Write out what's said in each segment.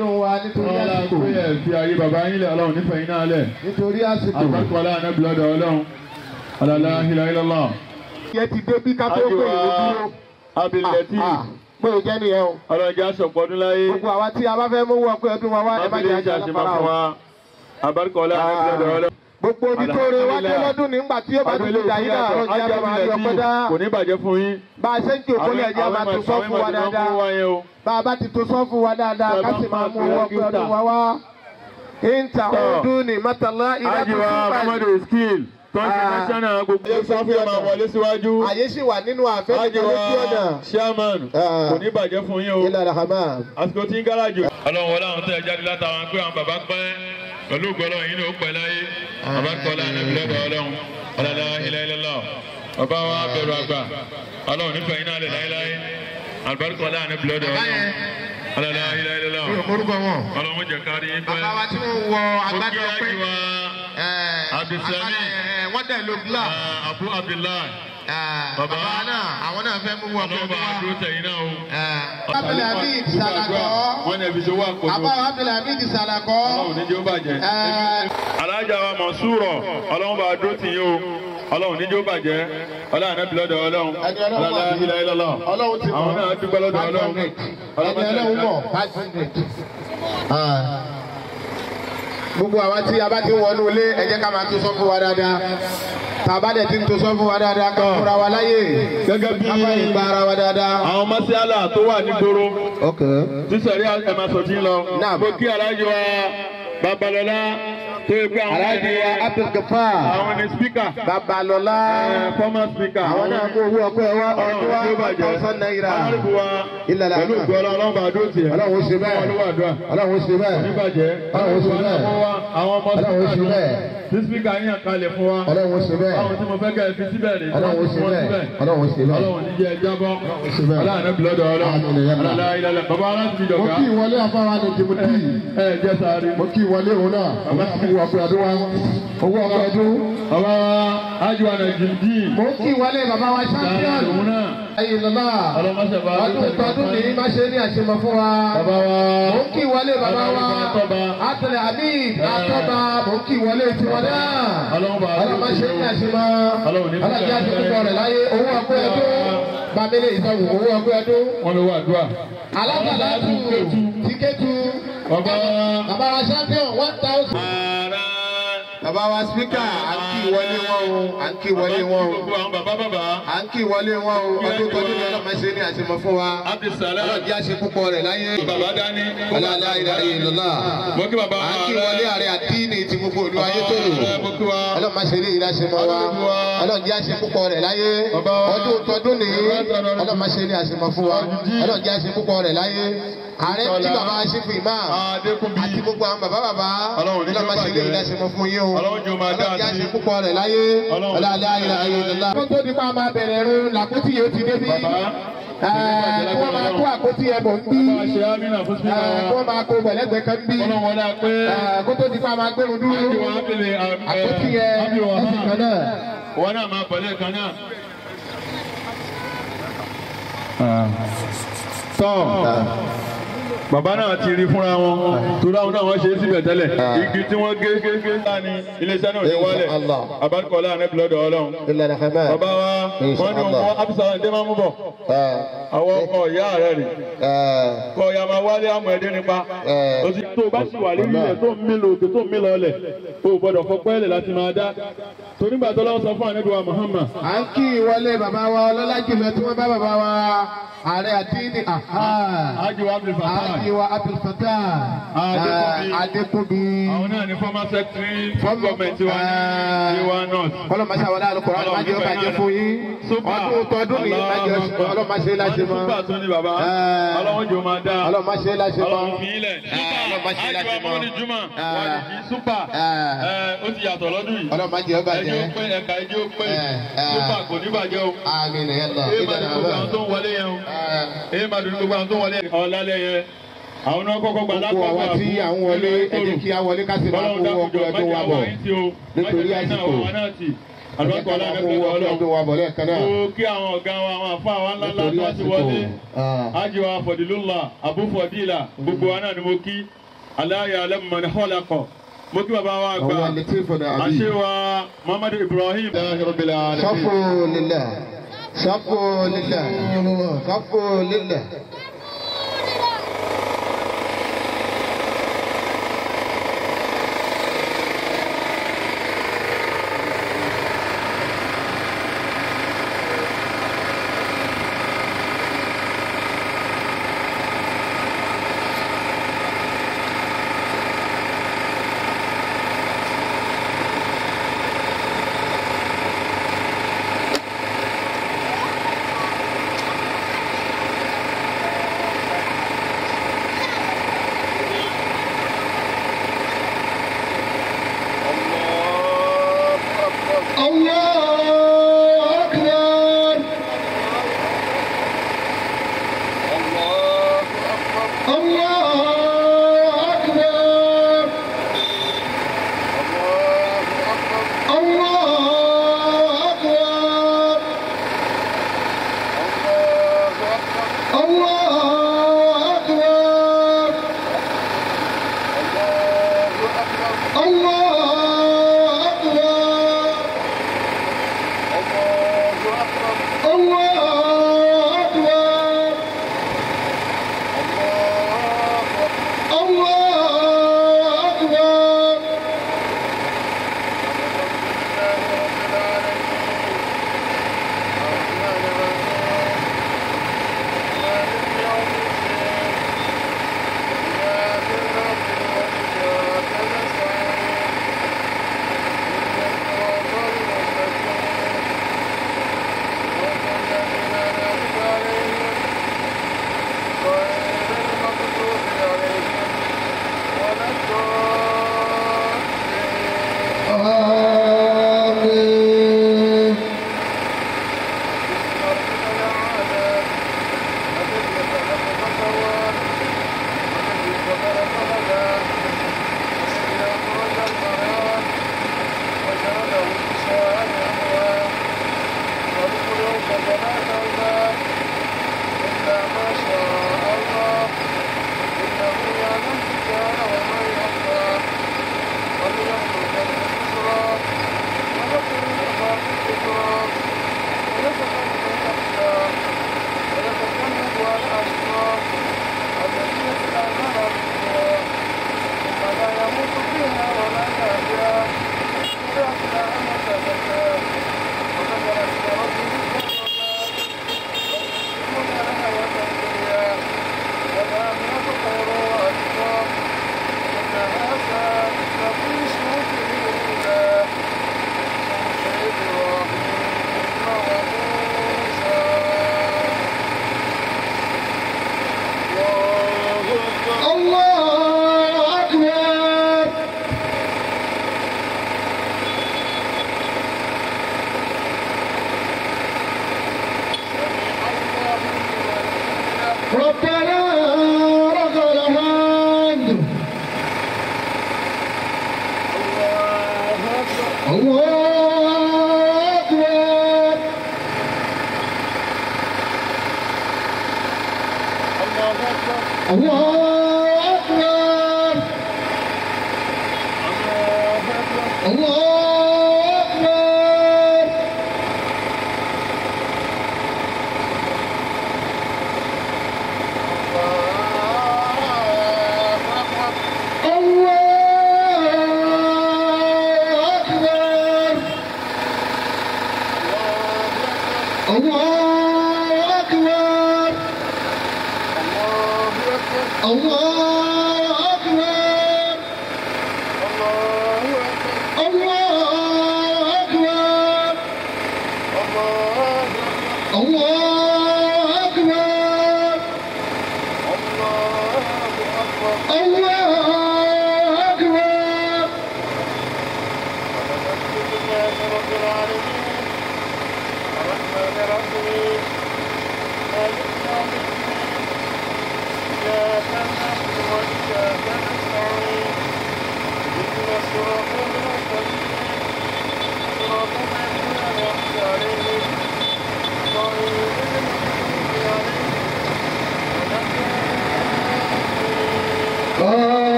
ọdún wa nítorí àsìkò. ọlọ́run pé ẹ fi ayé bàbá yín lẹ̀ ọlọ́run nífẹ̀ẹ́ yín náà lẹ̀. nítorí àsìkò. àgbàkọ́ aláàánú bìlọ́dọ̀ ọlọ́run alàlá ìlàlọ́lá. ìyẹn ti dé bí kápẹ́ òkè ìlú dúró. abilẹ̀ tí pé o jẹ́ nìyẹn o. ọlọ́jà sọ̀pọ̀ ọdún láyé. gbogbo àwa tí a bá fẹ́ mú wọ pé ọdún wa wá ẹ má jẹ́ àjẹ́ gbogbo ibi tó re wá dé lọ́dún nígbà tí yóò bá tún dà yín náà ọ̀rọ̀ ìyá máa yọ pẹ́dá. kò ní bàjẹ́ fún yín. bá a ṣe ń kí òkúlẹ̀ ẹ̀jẹ̀ máa tún sọ́ fún wa dáadáa. bá a bá ti tún sọ́ fún wa dáadáa ká sì máa mú owó pé ọdún wa wá. ìntà ọdún ní mọ́tàlá ìlà tó tún báyìí. Tọ́jú Mọ́ṣánà gbogbo ìṣàfihàn máa wọlé síwájú. Àyè sì wà nínú àfẹ́ nínú lójú ọ̀nà. Ṣéàmán ah. kò ní bàjẹ́ fún yín o. Ìlànà Hama. Àsìkò tí ń gáràjò. Ọlọ́run wọlé àwọn tó jáde látara pé àwọn bàbá pẹ́ pẹ̀lú ògbọ́lọ́ yìí ni ó pẹ́ láyé abarikọla anabilẹ bẹ Ọlọ́run ọlọlọ ilayilalọ bàbá wa bẹ̀rù àgbà Ọlọ́run nífẹ̀ẹ́ yín náà lè láyéláyé abarikọla anabilẹ bẹ Ọlọ́run ọlọlọ ilayilalọ Ọlọ́run jẹ kárí bẹ bàbá wa tí wọn wọ abu abdullahi. Ah. bàbá náà àwọn náà fẹ́ mú wọn pẹ̀lú wa. ọlọ́ba àdúrótẹ̀yìn náà o. Ah. abdulhamid salakọ. wọn ní ẹbí ṣe wà kó. àbá abdulhamid salakọ. ọlọ́run níjẹ́ ó bàjẹ́. alájà wa mọ̀ súrọ̀ ọlọ́run bá àdúrótẹ̀yìn o ọlọ́run níjẹ́ ó bàjẹ́ ọlọ́run anábì lọ́dọ̀ ọlọ́run ọlọ́run ilẹ̀ ilẹ̀ lọ. ti mọ̀ àwọn náà dúpẹ́ lọ́dọ̀ ọlọ́run ọlọ́run ti mọ̀ gbogbo àwa tí a bá ti wọnú ilé ẹ jẹ́ ká máa tó sọ fún wa dáadáa tàbá dẹ̀ ti ń tó sọ fún wa dáadáa ká fúnra wa láyè gẹ́gẹ́ bí afa ara wa dáadáa. àwọn mọ́sálà tó wà nígboro tí sẹ̀rí ẹ̀ máa sọ̀tí lọ. mo kí alájọ babalọ́lá aláàjì wa Abdul Gafar Babalọlá àwọn náà kó owó ọpẹ́ wa ọdún wa ọsán náírà ìlànà àná Ọlọ́run ṣe bẹ́ẹ̀ Ọlọ́run ṣe bẹ́ẹ̀ Ọlọ́run ṣe bẹ́ẹ̀ Ọlọ́run ṣe bẹ́ẹ̀ tí spika yín àkàlẹ̀ fún wa. ọlọ́run ṣe bẹ́ẹ̀. àwọn tí mo fẹ́ kẹ́ ẹ fi síbẹ̀ rè. ọlọ́run ṣe bẹ́ẹ̀. ọlọ́run ṣe bẹ́ẹ̀. ọlọ́run jíjẹ jábọ́. ọlọ́run ṣe bẹ́ẹ̀. aláàánú bìlọ́dọ̀ ọlọ́run. alala ilẹ̀ bàbá aláàtúndì dọ̀gá. mo kí ìwọlé afárá ni jìbìtì. ẹ ẹ jẹ sáré. mo kí ìwọlé òun náà. bàbá mi kí wọ́n pé ọdún wa owó ọkọ̀ ọdún. Baba wa ájú àná jìndì. mo kí wọlé bàbá wa champion. ayé bàbá ọdún tọdún ní má ṣe ní àṣemọ fún wa. bàbá wa mo kí wọlé bàbá wa àtẹlẹ amid àtọba mo kí wọlé tiwọn náà. ọlọ́mọ ṣe ní àṣemọ alájà ti kúkọ rẹ̀ láyé owó ọkọ̀ ọdún bàbá ilé ìsọ̀wò owó ọkọ̀ ọdún. wọn lọ wá àdúrà. alágbàlá tù tíkẹ́tù bàbá bàbá champion one thousand bàbá wa spíkà à ń kí ìwọlé wọn o à ń kí ìwọlé wọn o à ń kí ìwọlé wọn o ọdún tọdún ní ọlọ́mọ ṣe ní àṣemọ fún wa ọlọ́dí àṣe púpọ̀ rẹ̀ láyé ọlọ́lá ìdáyé lọ́lá à ń kí ìwọlé àrẹ àdínì ti gbogbo olú ayé tó lò ọlọ́mọ ṣe ní ìdáṣemọ wa ọlọ́dí àṣe púpọ̀ rẹ̀ láyé ọdún tọdún ní ọlọ́mọ ṣe ní àṣemọ fún wa ọlọ́dí àṣe púpọ̀ rẹ̀ láyé ààrẹ tí bàbá ṣe fún ìmáà àti gbogbo àwọn bàbá bàbá ọlọ́mọ ṣe ní ìdáṣemọ fún yín o ọlọ́run kó máa kó àkótí ẹ̀bọ̀ ń bí. wọ́n máa kó gbẹ̀lẹ́gbẹ̀ kan bí. kó tó di pa máa gbẹ̀rún dúró. àkótí ẹ̀ ẹ̀sìn kan náà. wọn náà máa bọ̀lẹ́ kan náà tọ́ ah bàbá náà ti rí fúnra wọn torí àwọn náà wọ́n ṣe é síbẹ̀ tẹ́lẹ̀ ah. igi tí wọ́n gé láàánú iléeṣẹ́ náà ti wálẹ̀ abánikọ́lá rẹ̀ bìlọ́dọ̀ ọlọ́run bàbá wa wọ́n ní òun abisa ẹ̀ dẹ́mọ̀ mú bọ̀ ah. àwọn ọkọ̀ ìyá rẹ̀ rì ah. kọ̀ ya máa wálé àmọ̀ ẹ̀dẹ́ nípa òsì tó bá sì wà lórí rẹ̀ tó ń mí lò tó ń mí lọ́ọ̀lẹ̀ o gbọ́dọ̀ fọpẹ́ lẹ̀ láti máa dá torí gbàtọ́ lọ́wọ́ Muhammad. à ń kí wa ọlọ́lá jùlọ tí wọ́n bá bàbá wa ààrẹ àdínní àjò wa bìrì fàtà àti wa Abdul Fattah Adekunbi. Eh, àwọn náà ni former secretary for government wa ní iwa north. kọlọmọṣẹ àwọn aláàlú kọrọ àwọn àjẹwò bàjẹ́ fún yín. ọdún tọdún ni ìbàjẹ́ ọlọmọṣẹ láti mọ. ọdún tọdún ni bàbá eh. ọlọ́wọ́n jò máa dá. ọlọmọṣẹ láti mọ. ọlọmọṣẹ láti mọ. àjọ amúlí juma eh. wà ní kí súpà ó ti yàtọ̀ lọ́dún yìí. ọlọmọṣẹ ó bàjẹ́. ẹjọ́ pé ẹ̀ka ẹjọ́ pé súpà kò ní bàjẹ́ o. àmín ẹ̀yẹ máa dùn gbogbo àwọn tó àwọn náà kọ́kọ́ gba lápapọ̀ àbúrò àti àwọn wọlé ẹ jẹ́ kí á wọlé ká sì máa kó ọkọ̀ ẹjọ́ wa bọ̀ nítorí àsìkò àlọ́kọ̀ ọlọ́dún ọlọ́dún wa bọ̀ lẹ́ẹ̀kan náà. o kí àwọn ọ̀gá wa àwọn afá wa ńlá ńlá tó ti wọlé ajiwa ah. fọdìlúlà abúfọdìlà gbogbo wa náà ni mo kí aláya alẹ́mọ̀mọ́ni họ́lákọ̀ mo kí bàbá wa gba àṣewa muhammadu ibrahim. sọ́kù lílẹ̀ sọ́kù lílẹ̀ sọ́kù lílẹ̀. الله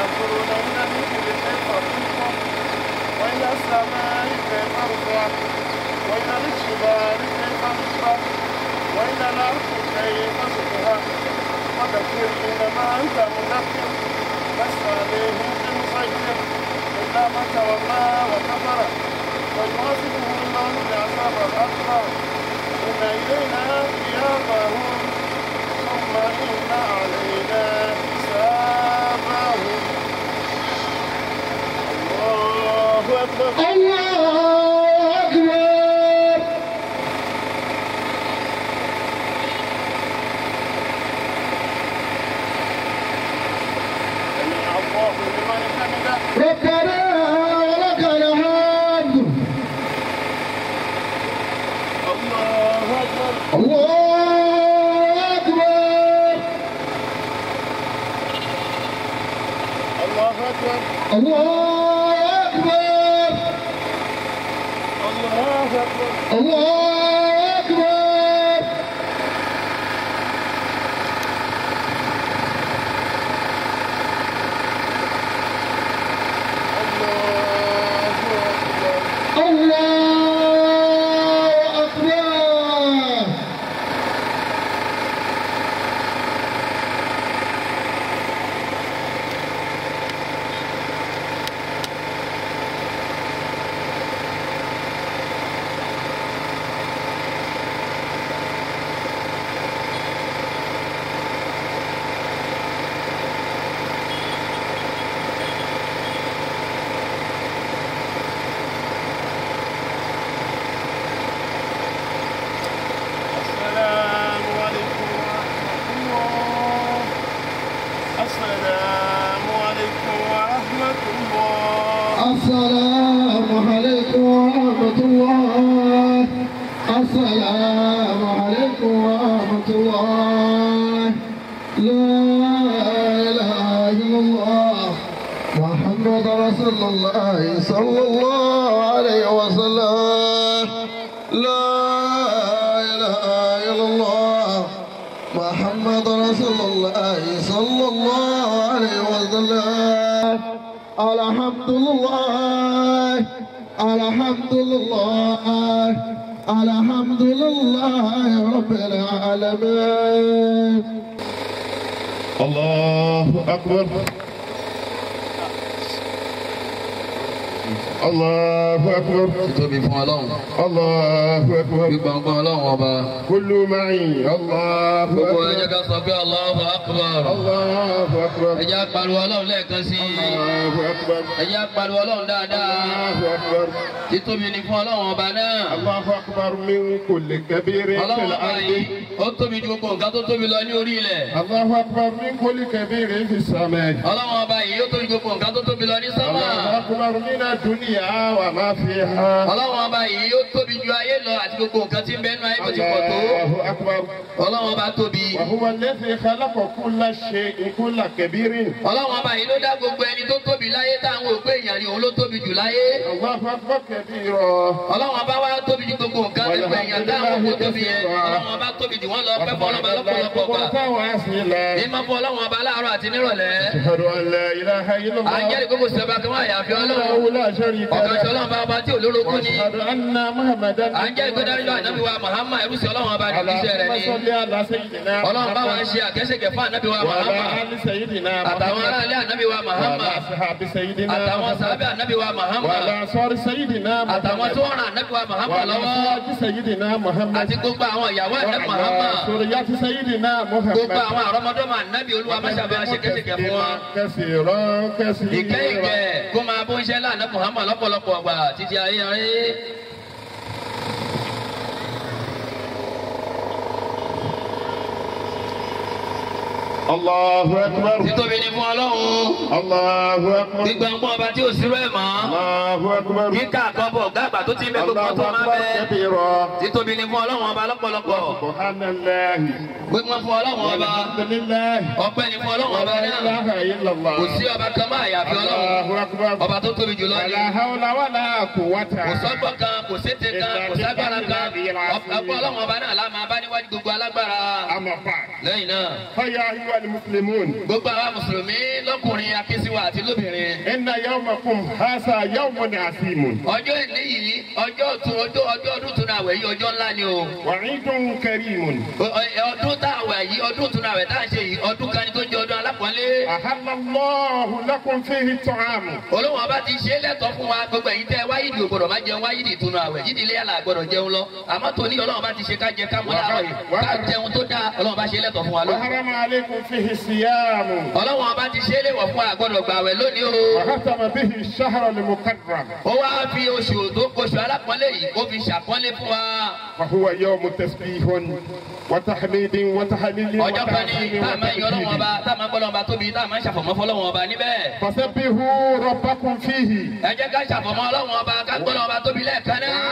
ينظرون من الجبل كيف خلقت وإلى السماء كيف رفعت وإلى الجبال كيف نصبت وإلى الأرض كيف سطحت فذكر إنما أنت مذكر لست عليهم بمسيطر إلا من تولى وكفر فيعذبه الله الأكبر إن إلينا إيابهم ثم إن علينا محمد رسول الله صلى الله عليه وسلم الحمد لله الحمد لله الحمد لله رب العالمين الله أكبر Allahu akbar. Títóbi fún ọlọ́run. Allahu akbar. Gbígbà fún ọlọ́run ọba. Kullu ma'i Allahu akbar. Gbogbo ẹ̀jẹ̀ ká sọ pé Allahu akbar. Allahu akbar. Ẹ̀jẹ̀ apariwo ọlọ́run lẹ́ẹ̀kan sí i. Allahu akbar. Ẹ̀jẹ̀ apariwo ọlọ́run dáadáa. Allahu akbar. Títóbi ni fún ọlọ́run ọba náà. Allahu akbar min kulli kabirin fil ardi. Ó tóbi ju gbogbo nǹkan tó tóbi lọ ní orí ilẹ̀. Allahu akbar min kulli kabirin fis sama. Ọlọ́run ọba yìí ó tóbi ju gbogbo nǹkan tó tóbi lọ ní sámà. Allahu akbar min ad-dunya ìhà wà má fi hà. ọlọ́run ọba yìí yóò tóbi ju ayé lọ àti gbogbo nǹkan tí ń bẹ́ẹ̀ nú ayé bó ti pọ̀ tó. ọlọ́run ọba tóbi. wàhùwà lẹ́sẹ̀ kálákọ̀ọ́kú láṣẹ ikú làkẹ́bírì. ọlọ́run ọba yìí ló dá gbogbo ẹni tó tóbi láyé táwọn òpé èèyàn ni òun ló tóbi jù láyé. ọlọ́run gbogbo nǹkan gbogbo èèyàn táwọn kò tóbi yẹn ọlọ́wọ́n bá tóbi jù wọ́n lọ pẹ́ fún ọlọ́ba lọ́pọ̀lọpọ̀ gbà. ní ma fọ ọlọ́wọ́n ọba láàárọ̀ àti nírọ̀lẹ́. àjẹ́rìí gbogbo sọba kí wọ́n àyàfi ọlọ́run. ọ̀kan sọ ọlọ́run bá ọba tí olórogún ni. àjẹ́rìí gbé dáríjọ́ ànábì wa mahama ẹrúsì ọlọ́run ọba nìkíṣẹ́ rẹ̀ ni. ọlọ́run bá wa ṣe àkẹ́sẹ̀kẹ́ fún ànábì wa mahama. àtàwọn aráàlú ànábì wa mahama. àtàwọn sàábẹ̀ ànábì wa mahama. àtàwọn tó ń ran ànábì wa mahama lọ́wọ́ àti Sayyidina Muhammad. àti gbogbo àwọn ìyàwó ẹ̀dẹ́ Muhammad. sori yàtí Muhammad. gbogbo àwọn àrọ́mọdọ́mọ ànábì olúwa mẹ́sàbá ṣèkẹ́ṣèkẹ́ fún wa. kẹsì rán kẹsì rán. ìkẹ́ ìkẹ́ kó máa bó iṣẹ́ láàánú Muhammad lọ́pọ̀lọpọ̀ ọgbà títí ayé ayé. Allahu akbar. títóbi ni fún ọlọ́run. Allahu akbar. gbígbà ń pọ̀ ọba tí ò sírò ẹ̀ mọ́. Allahu akbar. kíkà àkọ́bọ̀ gàgbà tó ti bẹ gbogbo tó máa bẹ. títóbi ni fún ọlọ́run ọba lọ́pọ̀lọpọ̀. gbígbà fún ọlọ́run ọba. ọpẹ́ ni fún ọlọ́run ọba náà. kò sí ọba kan máa yàfi ọlọ́run. ọba tó tóbi jùlọ ni. kò sọ́gbọ́n kan kò sété kan kò ságbára kan. ọpẹ́ ọlọ́run ọba náà alimusulimun. gbogbo àwa mùsùlùmí lọ́kùnrin akínsíwá àti lóbìnrin. inna yawmakum hasa yawmun asimun. ọjọ́ ìní yìí ọjọ́ tún ọjọ́ ọjọ́ ọdún tún àwẹ̀ yìí ọjọ́ ńlá ni o. wa idun karimun. ọdún tá àwẹ̀ yìí ọdún tún àwẹ̀ tá à ń ṣe yìí ọdún kan àpọ́nlé. àhàlọ́lọ́hù lẹ́kùn fi hi tán àmù. olóhùn ọba ti ṣe é lẹ́tọ̀ọ́ fún wa gbogbo ẹ̀yin tẹ́ wáyídì ògbọ́dọ̀ má jẹun wáyídì ìtúnu àwẹ̀ yídì ilé yàrá àgbọ̀dọ̀ jẹun lọ àmọ́ tóní ọlọ́run bá ti ṣe ká jẹ ká mú láàárọ̀ yìí ká jẹun tó dáa ọlọ́run bá ṣe é lẹ́tọ̀ọ́ fún wa lónìí. wàhálà máa lékun fi hi síyáàmù. ọlọ́run ọba ti ṣe é léwọ̀ fún àgbọ̀dọ̀ gbàwẹ̀ lónìí o. wàhátàmà bí hi ṣahara lè mú kádùrà. ó wá fi oṣù tó oṣù alápọ̀nlé yìí ó fi ṣàpọ́nlé fún wa. wàhùwà yóò mú tẹsí ihun wàtàhàmídìn wàtàhàmídìn wàtàhàmídìn wàtàhàmídìn. ọjọ́ kan ní táà máa ń yọ ọlọ́run ọba táà máa ń gbọ́ ọba tóbi tá a máa ń ṣàfọ̀mọ́ fọlọ́wọ́n ọba níbẹ̀. kọ̀sẹ́ bí hu rọ̀bá kun fìhì. ẹ jẹ́ ká ṣàfọ̀mọ́ ọlọ́wọ́n ọba ká gbọ́ ọlọ́wọ́n ọba tóbi lẹ́ẹ̀kan náà.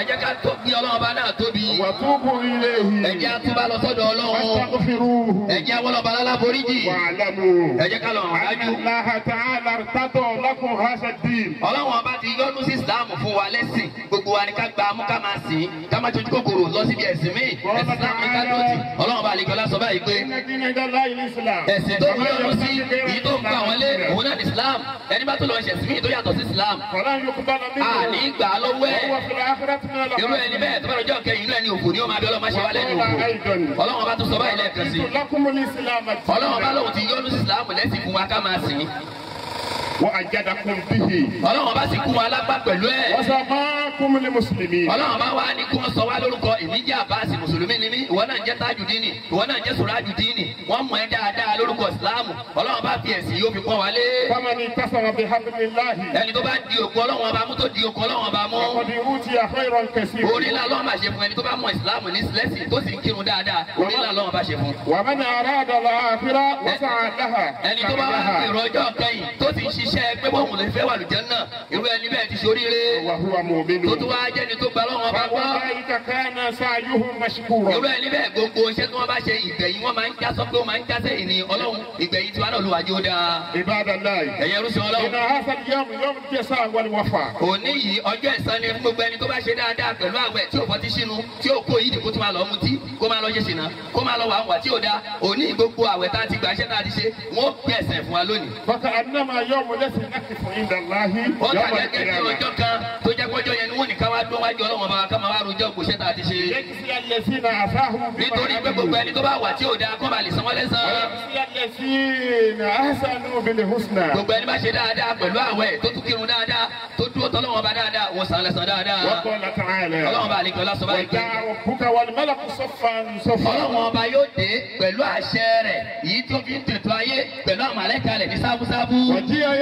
ẹ jẹ́ ká tóbi ọlọ́wọ́n ọba náà tóbi. wà á tún kun ilé yìí. ẹ jẹ́ àtúbà lọ sọ́dọ̀ ọlọ́wọ́n. wà á tún fi rú. ẹ jẹ́ àwọn ọba lálá boríjì. wà á lámú. ẹ jẹ́ ká lọ ẹ̀sìn tó wúlò lọ sí èyí tó gba àwọn lé òun náà ní Islam ẹni bá tó lọ ṣẹ̀sìn mí tó yàtọ̀ sí Islam. àní gbà lọ́wọ́ ẹ̀ irú ẹni bẹ́ẹ̀ tó bá lọ́jọ́ kẹyìn lẹ́ni òfò ni ó máa bí ọlọ́mọ ṣe wá òfò ọlọ́wọ́n bá tó sọ báyìí lẹ́ẹ̀kan sí ọlọ́wọ́n bá lóun ti yọ́nú sí Islam lẹ́sìn fún wa ká máa sìn wa ajadakum bihi. ọlọ́run bá sì kú wa lápá pẹ̀lú ẹ̀. wọ́sọ̀ máa kún ní mùsùlùmí. ọlọ́run bá wà ní kí wọ́n sọ wá lórúkọ ìníjà àbáàsì mùsùlùmí ni mí ìwọ náà jẹ́ tajudini ìwọ náà jẹ́ surajudini wọ́n mọ̀ ẹ́ dáadáa lórúkọ ìsìláàmù ọlọ́run bá fi ẹ̀sìn yóò fi pọ́n wa lé. famani tasara bi hamdulilahi. ẹni tó bá di òkú ọlọ́run ọba mú tó di òkú ọlọ́run ọba mú níṣẹ́ pé bóun lè fẹ́ wà lùjẹ́ náà irú ẹni bẹ́ẹ̀ ti ṣoríire. wàhùwà tó wá jẹ́ ni tó gba lọ́wọ́ bá gbọ́. irú ẹni bẹ́ẹ̀ gbogbo iṣẹ́ tí wọ́n bá ṣe ìgbẹ̀yìn wọ́n máa ń já sọ pé wọ́n máa ń já sẹ́yìn ọlọ́run ìgbẹ̀yìn tí ò fọtí sínú tí dáa òní gbogbo àwẹ̀ tá a ti gbà ṣẹ́ tá lẹ́sìn láti fún yín dàláhí. ó kàjá jẹ́ sí ọjọ́ kan tó jẹ́ pọ́jọ́ yẹn ni wọ́n nìkan wá dún wájú ọlọ́wọ́n bá ká máa wá rojọ́ gbèsè tá a ti ṣe. nítorí pé gbogbo ẹni tó bá wà tí ò dáa kó ba lè san wọ́n lẹ́sàn-án. gbogbo ẹni bá ṣe dáadáa pẹ̀lú àwẹ̀ tó tún kírun dáadáa tó dúró tọ́lọ́wọ́n bá dáadáa yóò dé pẹ̀lú àṣẹ rẹ̀ yìí tó fi ń tètò ayé pẹ̀lú àmàlẹ́kalẹ̀ ní sábúsábú. ọ̀jí ayé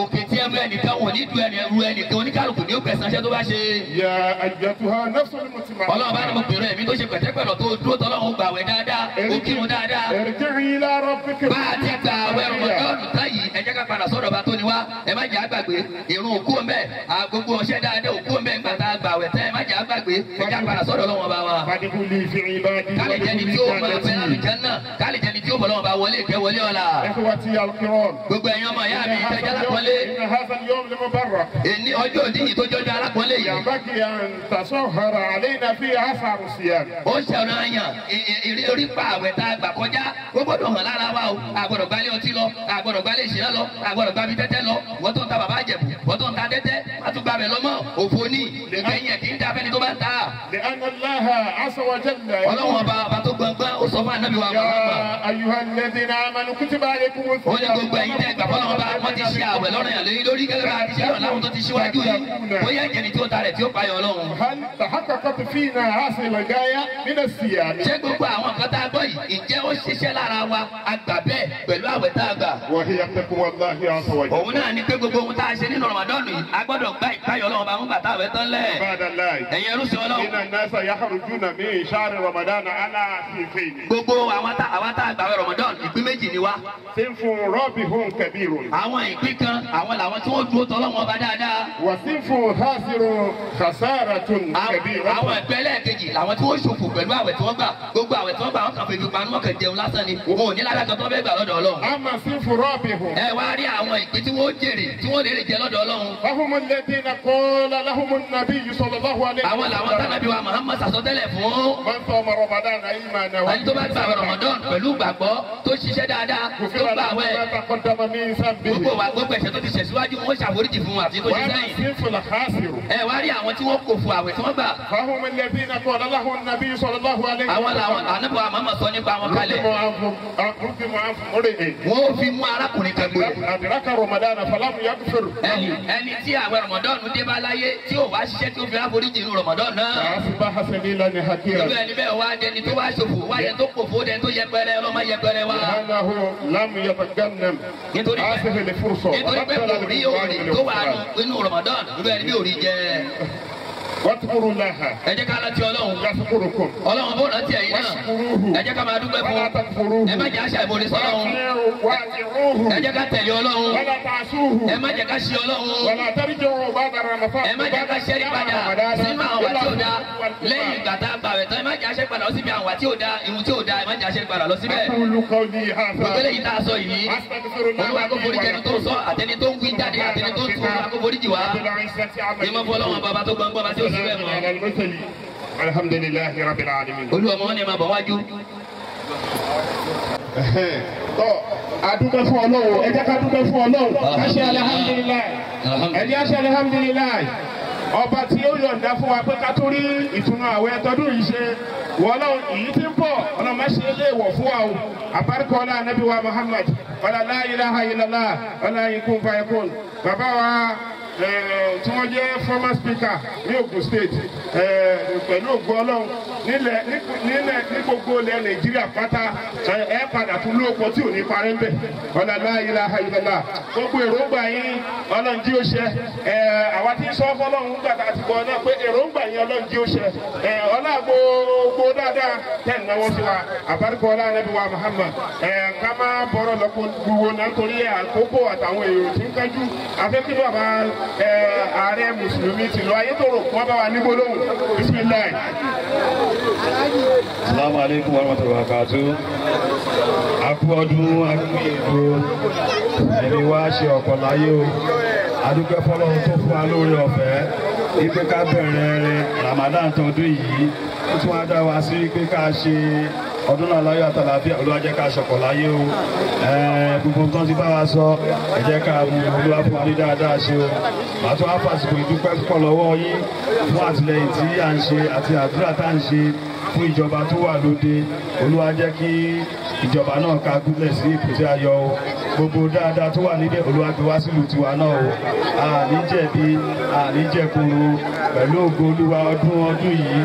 òkè tí ẹrú ẹnìkan wọ̀ ní ìdú ẹrú ẹnìkan oníkálukú ní ó gbẹ̀san tó bá ṣe. ọlọ́run bá nàmú pèrò ẹ̀mí tó ṣe pẹ̀tẹ́pẹ̀lọ́ tó dúró tọ́lọ́run gbà wẹ̀ dáadáa ó kírun dáadáa. irji'i ila rabbika. bá a ti gba àwẹ̀ rọmọdọ́ọ̀nù táyì ẹ jẹ́ ká padà sọ́dọ̀ bá tó ni wá ẹ má jẹ́ àgbàgbé irun òkú mbẹ́ àgógó ọṣẹ́ dáadáa òkú bọ̀lọ́wọ́n bá wọlé ìkẹ́ wọlé ọ̀la. gbogbo ẹ̀yin ọmọ ìyá mi ìtajà alákọ̀ọ́lé. èní ọjọ́ òdìyìn tó jọjọ alákọ̀ọ́lé yìí. ó ṣàrọ̀ àyàn ìrí orí pa àwẹ̀ tá a gbà kọjá ó gbọ́dọ̀ hàn lára wa o àgbọ̀dọ̀ gbalẹ̀ ọtí lọ àgbọ̀dọ̀ gbalẹ̀ ìṣìná lọ àgbọ̀dọ̀ gbabi tẹ́tẹ́ lọ wọ́n tó ta bàbá àjẹ̀bù wọ́n tó ń ta tẹ́tẹ́ má tún gbàbẹ̀ lọ́mọ́ òfò ní ìkẹyìn ẹ̀ kì í dáfẹ́ni tó bá ń ta. ọlọ́wọ́n bá bá tó gbọ́n ó sọ fún ànábì wa Muhammad. ayuha lẹ́sìn náà manu kutiba alekun wo. ó ní gbogbo ẹ̀yin tẹ́ gbà fọlọ́wọ́ bá wọ́n ti ṣe àwẹ̀ lọ́rùn yàn lórí lórí gẹ́gẹ́ bá a ti ṣe àwọn láwọn tó ti ṣíwájú yìí ó yẹ jẹ́ni tí ó ta rẹ̀ tí ó payọ̀ ọlọ́run. ṣé gbogbo àwọn kan tá a gbọ́ yìí ǹjẹ́ ó ṣiṣẹ́ lára wa a bẹ́ẹ̀ pẹ̀lú àwẹ̀ tá a gbà. òun náà ni pé gbogbo ohun tá a ṣe nínú Ramadan yìí a gbọ́dọ̀ gbá ìpayọ̀ ọlọ́run bá ń gbà tá àwẹ̀ tán lẹ̀. ẹ̀yin ẹrú sọ ọlọ́run gbogbo àwọn tá àwọn tá àgbàwẹ̀ Ramadan ìpín méjì ni wá. ṣé ń fún rọ́ọ̀bì hóun kẹ̀bí ìròyìn. àwọn ìpín kan àwọn làwọn tí wọ́n dúró tọ́lọ́wọ́n bá dáadáa. wà sí fún hásìrò kàsáàrà tún kẹ̀bí ìrọ́pọ̀. àwọn ìpẹ́lẹ̀ kejì làwọn tí wọ́n ṣòfò pẹ̀lú àwẹ̀ tí wọ́n gbà gbogbo àwẹ̀ tí wọ́n gbà wọ́n kàn fèjì pa wọ́n kàn jẹun lásán ni wọn ò ní ẹni tó bá gba àwọn Ramadan pẹ̀lú gbàgbọ́ tó ṣiṣẹ́ dáadáa tó gbà wẹ̀ gbogbo wa gbogbo ẹ̀ṣẹ̀ tó ti ṣẹ̀ síwájú wọn ṣàforíjì fún wa àti tó ṣe sẹ́yìn. ẹ wá rí àwọn tí wọ́n kò fún àwẹ̀ tí wọ́n gbà. àwọn làwọn ànábọ̀ àmọ́mọ́ sọ nípa wọn kalẹ̀. wọ́n fi mú arákùnrin kan gbọ́dọ̀. ẹni ẹni tí àwẹ̀ Ramadan dé bá láyé tí ò wá ṣiṣẹ́ tí ó fi àforíjì inú Ramadan náà. kàá fi bá hasanilani hakira. ìgbà ẹni ẹni tó kò fún ẹni tó yẹpẹrẹ ọlọ́mọ yẹpẹrẹ wa. ìhànàhó lámù yàtọ̀ gánà nítorí pé nítorí pé kò rí òòrì tó wà nínú Ramadan irú ẹni bí òòrì jẹ wàtukuru laha. ẹ jẹ́ k'ala ti Ọlọ́run. yasukuru kun. Ọlọ́run b'o la ti yẹ yina. wasukuruhu. ẹ jẹ́ k'a ma dúpẹ́ fún. wala takuruhu. ẹ má jẹ́ a sa ìbòrí sọlọ́run. ẹ jẹ́ k'a tẹ̀lé Ọlọ́run. wala taasuhu. ẹ má jẹ́ k'a si Ọlọ́run. wala tarijọ o b'a dara ẹ má jẹ́ k'a sẹri padà. sinima o waati o da. lẹ́yìn ka bawẹ tán ẹ má aṣẹ́ padà lọ síbi àwọn àti òda ìhun tí òda ìmọ̀jà aṣẹ́ padà lọ síbẹ̀. gbogbo eléyìí tá a sọ yìí olúwa kó forí jẹni tó sọ àtẹni tó ń wí jáde àtẹni tó ń tu olúwa kó forí jì wá. ìmọ̀ fọlọ́wọ́n bàbá tó gbọ́ngbọ́n bá tí ò síbẹ̀ mọ́. alhamdulillahi rabbil alamin. olúwa mọ́ ni ma bọ̀ wájú tọ́ adúgbò fún ọlọ́wọ́ ẹ jẹ́ ká dúgbò fún ọlọ́wọ́ ọba tí ó yọ̀ǹda fún wa pé ká tó rí ìtúnu àwẹ̀ tọdún yìí ṣe wọ́n lọ èyí ń bọ̀ ọ̀nà má lè wọ̀ fún Muhammad ọlá la ilaha illallah ikun wa eh, tí wọ́n jẹ́ former speaker ní Ogun State eh, nílẹ̀ nílẹ̀ ní gbogbo ilẹ̀ nàìjíríà pátá ẹ padà tún lóko tí ò ní parí bẹ́ẹ̀ ọ̀nà láyìlá ayélujára gbogbo èròǹgbà yín ọlọ́run jí ó ṣe ẹ àwa tí ń sọ fọlọ́run ń gbàgbà àti gbọ́n náà pé yín ọlọ́run jí ẹ ọlá gbogbo dáadáa wa ọlá wa ẹ ká má bọ̀rọ̀ gbogbo náà torí Assalamu alaikum warahmatullahi wabarakatuh. Akú ọdún akú ìgbò ẹni wá ṣe ọ̀pọ̀ láyé o. Adúpẹ́ fọlọ́run tó fún wa lórí ọ̀fẹ́. Ipe ká bẹ̀rẹ̀ Ramadan tọdún yìí. Ó tún wá dá wa sí pé ká ṣe ọdún náà láyọ̀ àtàlàfíà olúwa jẹ́ ká sọ̀kọ̀ láyé o gbogbo nǹkan ti bá wa sọ ẹ jẹ́ ká mú olúwa fún mi dáadáa ṣe o màá tún àfàsìkò ìdúpẹ́ púpọ̀ lọ́wọ́ yín fún àtìlẹyìn tí à ń ṣe àti àdúrà tá à ń ṣe fún ìjọba tó wà lóde olúwa kí ìjọba náà ká gúnlẹ̀ sí ìpèsè ayọ̀ o gbogbo dáadáa tó wà níbẹ̀ olùwàgbéwá sílùú tiwa náà o àníjẹ̀bi àníjẹ̀kuru pẹ̀lú ògo olúwa ọdún ọdún yìí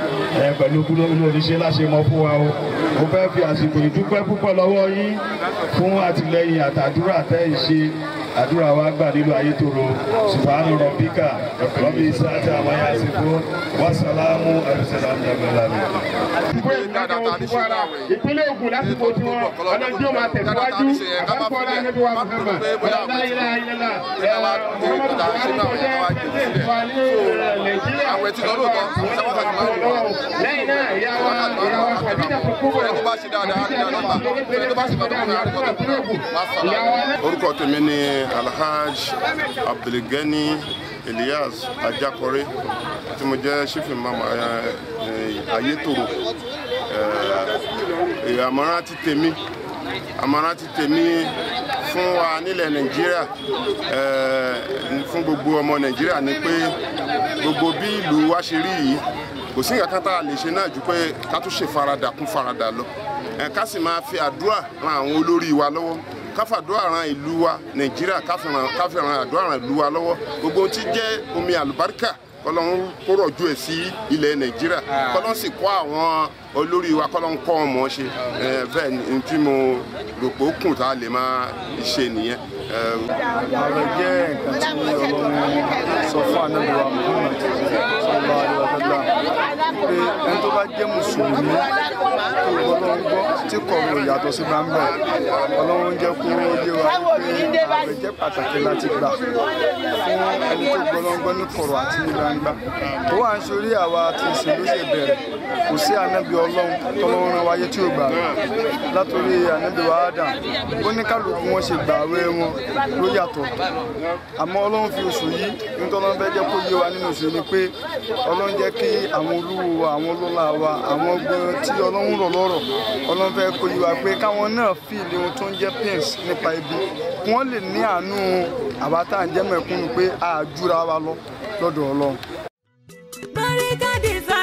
ẹ̀ pẹ̀lú gbólóhùn oníṣẹ́ láṣẹ mọ́ fún wa o mo fẹ́ fi àsìkò ìdúpẹ́ púpọ̀ lọ́wọ́ yín fún àtìlẹ́yìn àtàdúrà tẹ́ ì ṣe àdúrà wa gbà nínú ayétoro subhanu rọbíkà rọbí sáàtì àmàyà àsìkò wàsálàmù àbísàlámù àbẹ̀lámù. ìpínlẹ̀ Ògùn lásìkò tí wọ́n ọ̀nà tí wọ́n máa tẹ̀síwájú àbáfọ́lá ẹni tó wà Muhammad ọ̀làláyìlá ayélujára ẹ̀ Muhammad Buhari kọjá ìwàlẹ̀ Nàìjíríà tó kúrò ìyá orúkọ tèmi ni alhaj abdulgani elias ajakore tí mo jẹ́ sífì mama ayétòrò àmọ̀ràn ti tèmi àmọ̀ràn ti tèmi fún wa nílẹ̀ nàìjíríà eh, fún gbogbo ọmọ nàìjíríà ni pé gbogbo bí ìlú wa ṣe rí yìí kò sí nǹkan kan tá a lè ṣe náà ju pé ká tún ṣe faradà kún faradà lọ eh, ká sì máa fi àdúrà ran àwọn olórí wa lọ́wọ́ káfàdúrà ran ìlú wa nàìjíríà káfìràn àdúrà ran ìlú wa lọ́wọ́ gbogbo ohun tí jẹ́ omi àlùbáríkà kọlọ́n kó rọ̀jú ẹ̀ sí ilẹ̀ nàìjíríà ah. kọlọ́n sì kọ́ àwọn olórí wa kọlọ́n kọ́ ọmọ ṣe ah. eh, bẹ́ẹ̀ ni tí mo rò pé ó kùn tá a lè máa ṣe nìyẹn. Eh, ààrẹ jẹ́ nǹkan tí ọlọ́run sọ fún ànábìwá muhammed sọlá àdìwà tẹ́lá pé ẹni tó bá jẹ́ mùsùlùmí tó gbọ́dọ̀ gbọ́ tí kọ̀wé ìyàtọ̀ sí máa ń bẹ̀ ọlọ́run ń jẹ́ kó yé wa pé àwẹ̀ jẹ́ pàtàkì láti gbà fún ẹni tó gbọ́dọ̀ gbọ́ ní kọ̀rọ̀ àti ní gbangba tó wà ń sórí àwa àti ìsìn ló ṣe bẹ̀rẹ̀ kò sí ànábì ọlọ́run tọ́lọ́run rán wáyé tí ò gbà látòrí ànábì wa Adam ó ní kálukú wọn ṣe gbà àwẹ̀ wọn ló yàtọ̀ àmọ́ ọlọ́run fi oṣù yìí nítorí wọn fẹ́ jẹ́ kó yé wa nínú oṣù ni pé ọlọ́run jẹ́ kí àwọn olúw wa àwọn ọlọ́lá wa àwọn ọgbọ́n tí ọlọ́run rọ̀ lọ́rọ̀ ọlọ́run fẹ́ kó yí pé káwọn náà fi ìlé ohun tó ń jẹ́ pins nípa ibi kí wọ́n lè ní àánú àwa tá pé àjúra wa lọ lọ́dọ̀ ọlọ́run.